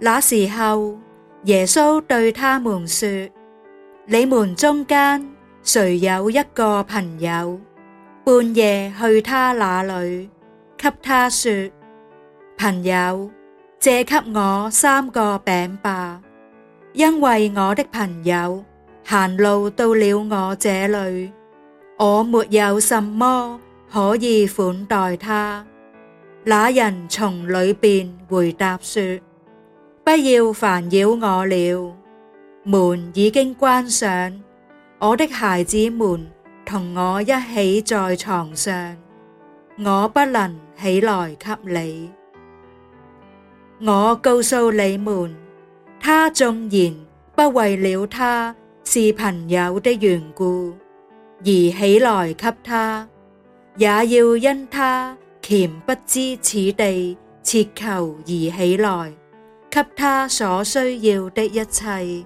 那時候，耶穌對他們說：你們中間誰有一個朋友，半夜去他那裏，給他說：朋友，借給我三個餅吧，因為我的朋友行路到了我這裏，我沒有什麼可以款待他。那人從裏面回答說。不要煩擾我了，門已經關上。我的孩子們同我一起在床上，我不能起來給你。我告訴你們，他縱然不為了他是朋友的緣故而起來給他，也要因他恬不知恥地切求而起來。給他所需要的一切，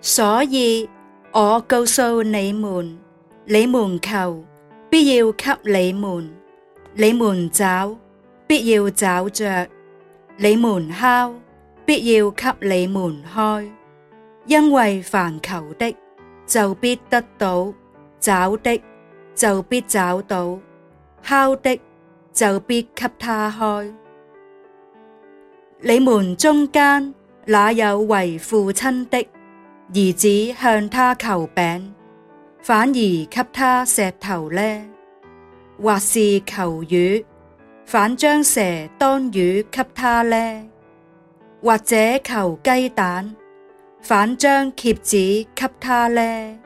所以我告訴你們：你們求，必要給你們；你們找，必要找着；你們敲，必要給你們開。因為凡求的，就必得到；找的，就必找到；敲的，就必給他開。你們中間哪有為父親的，兒子向他求餅，反而給他石頭呢？或是求魚，反將蛇當魚給他呢？或者求雞蛋，反將蠍子給他呢？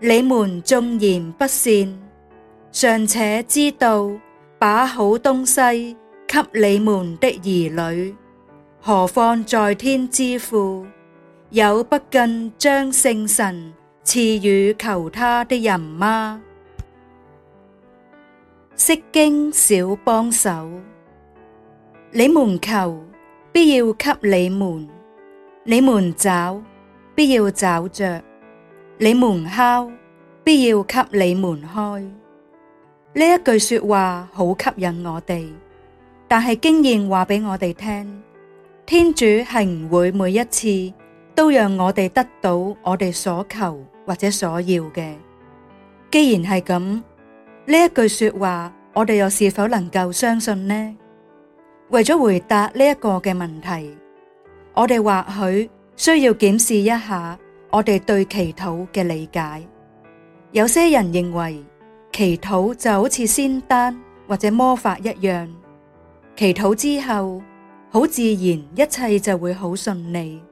你們縱然不善，尚且知道把好東西。給你們的兒女，何況在天之父，有不更將聖神賜予求他的人嗎？釋經小幫手，你們求，必要給你們，你們找，必要找着，你們敲，必要給你們開。呢一句說話好吸引我哋。但係經驗話俾我哋聽，天主係唔會每一次都讓我哋得到我哋所求或者所要嘅。既然係咁，呢一句說話，我哋又是否能夠相信呢？為咗回答呢一個嘅問題，我哋或許需要檢視一下我哋對祈禱嘅理解。有些人認為祈禱就好似仙丹或者魔法一樣。祈禱之後，好自然，一切就會好順利。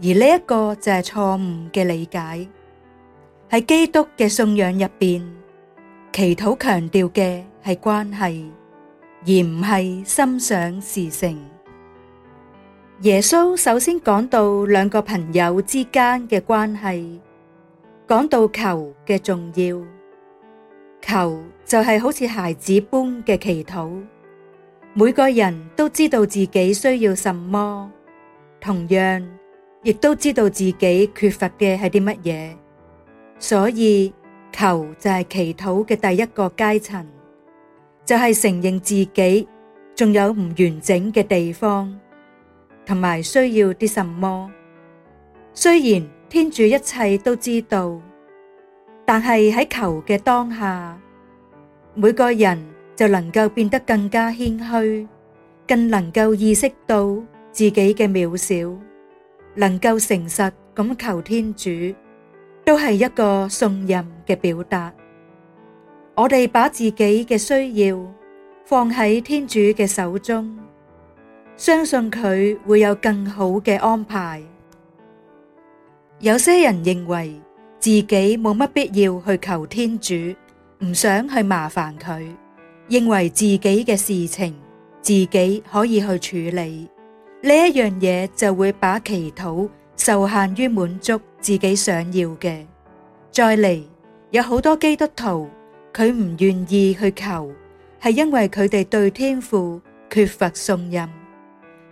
而呢一個就係錯誤嘅理解，喺基督嘅信仰入邊，祈禱強調嘅係關係，而唔係心想事成。耶穌首先講到兩個朋友之間嘅關係，講到求嘅重要，求就係好似孩子般嘅祈禱。每個人都知道自己需要什麼，同樣亦都知道自己缺乏嘅係啲乜嘢，所以求就係祈禱嘅第一個階層，就係承認自己仲有唔完整嘅地方，同埋需要啲什麼。雖然天主一切都知道，但係喺求嘅當下，每個人。就能夠變得更加謙虛，更能夠意識到自己嘅渺小，能夠誠實咁求天主，都係一個信任嘅表達。我哋把自己嘅需要放喺天主嘅手中，相信佢會有更好嘅安排。有些人認為自己冇乜必要去求天主，唔想去麻煩佢。認為自己嘅事情自己可以去處理呢一樣嘢，就會把祈禱受限於滿足自己想要嘅。再嚟有好多基督徒佢唔願意去求，係因為佢哋對天父缺乏信任，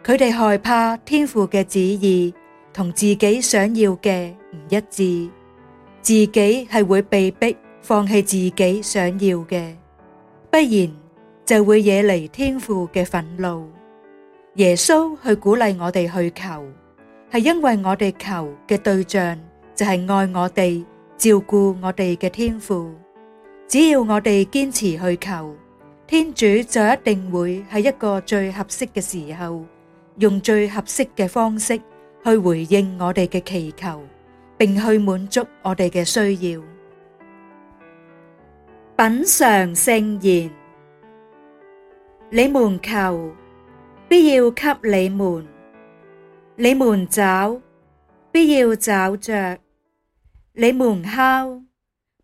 佢哋害怕天父嘅旨意同自己想要嘅唔一致，自己係會被迫放棄自己想要嘅。不然就會惹嚟天父嘅憤怒。耶穌去鼓勵我哋去求，係因為我哋求嘅對象就係愛我哋、照顧我哋嘅天父。只要我哋堅持去求，天主就一定會喺一個最合適嘅時候，用最合適嘅方式去回應我哋嘅祈求，並去滿足我哋嘅需要。品嘗聖言，你們求，必要給你們，你們找，必要找着，你們敲，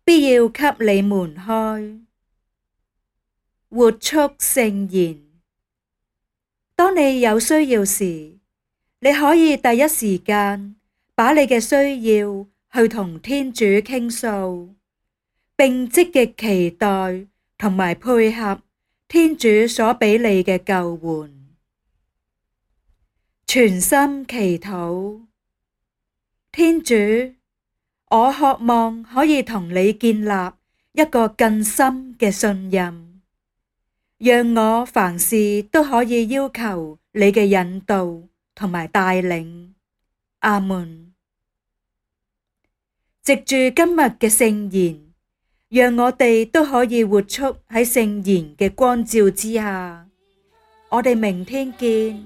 必要給你們開。活出聖言，當你有需要時，你可以第一時間把你嘅需要去同天主傾訴。並積極期待同埋配合天主所俾你嘅救援，全心祈禱。天主，我渴望可以同你建立一個更深嘅信任，讓我凡事都可以要求你嘅引導同埋帶領。阿門。藉住今日嘅聖言。讓我哋都可以活出喺聖言嘅光照之下，我哋明天見。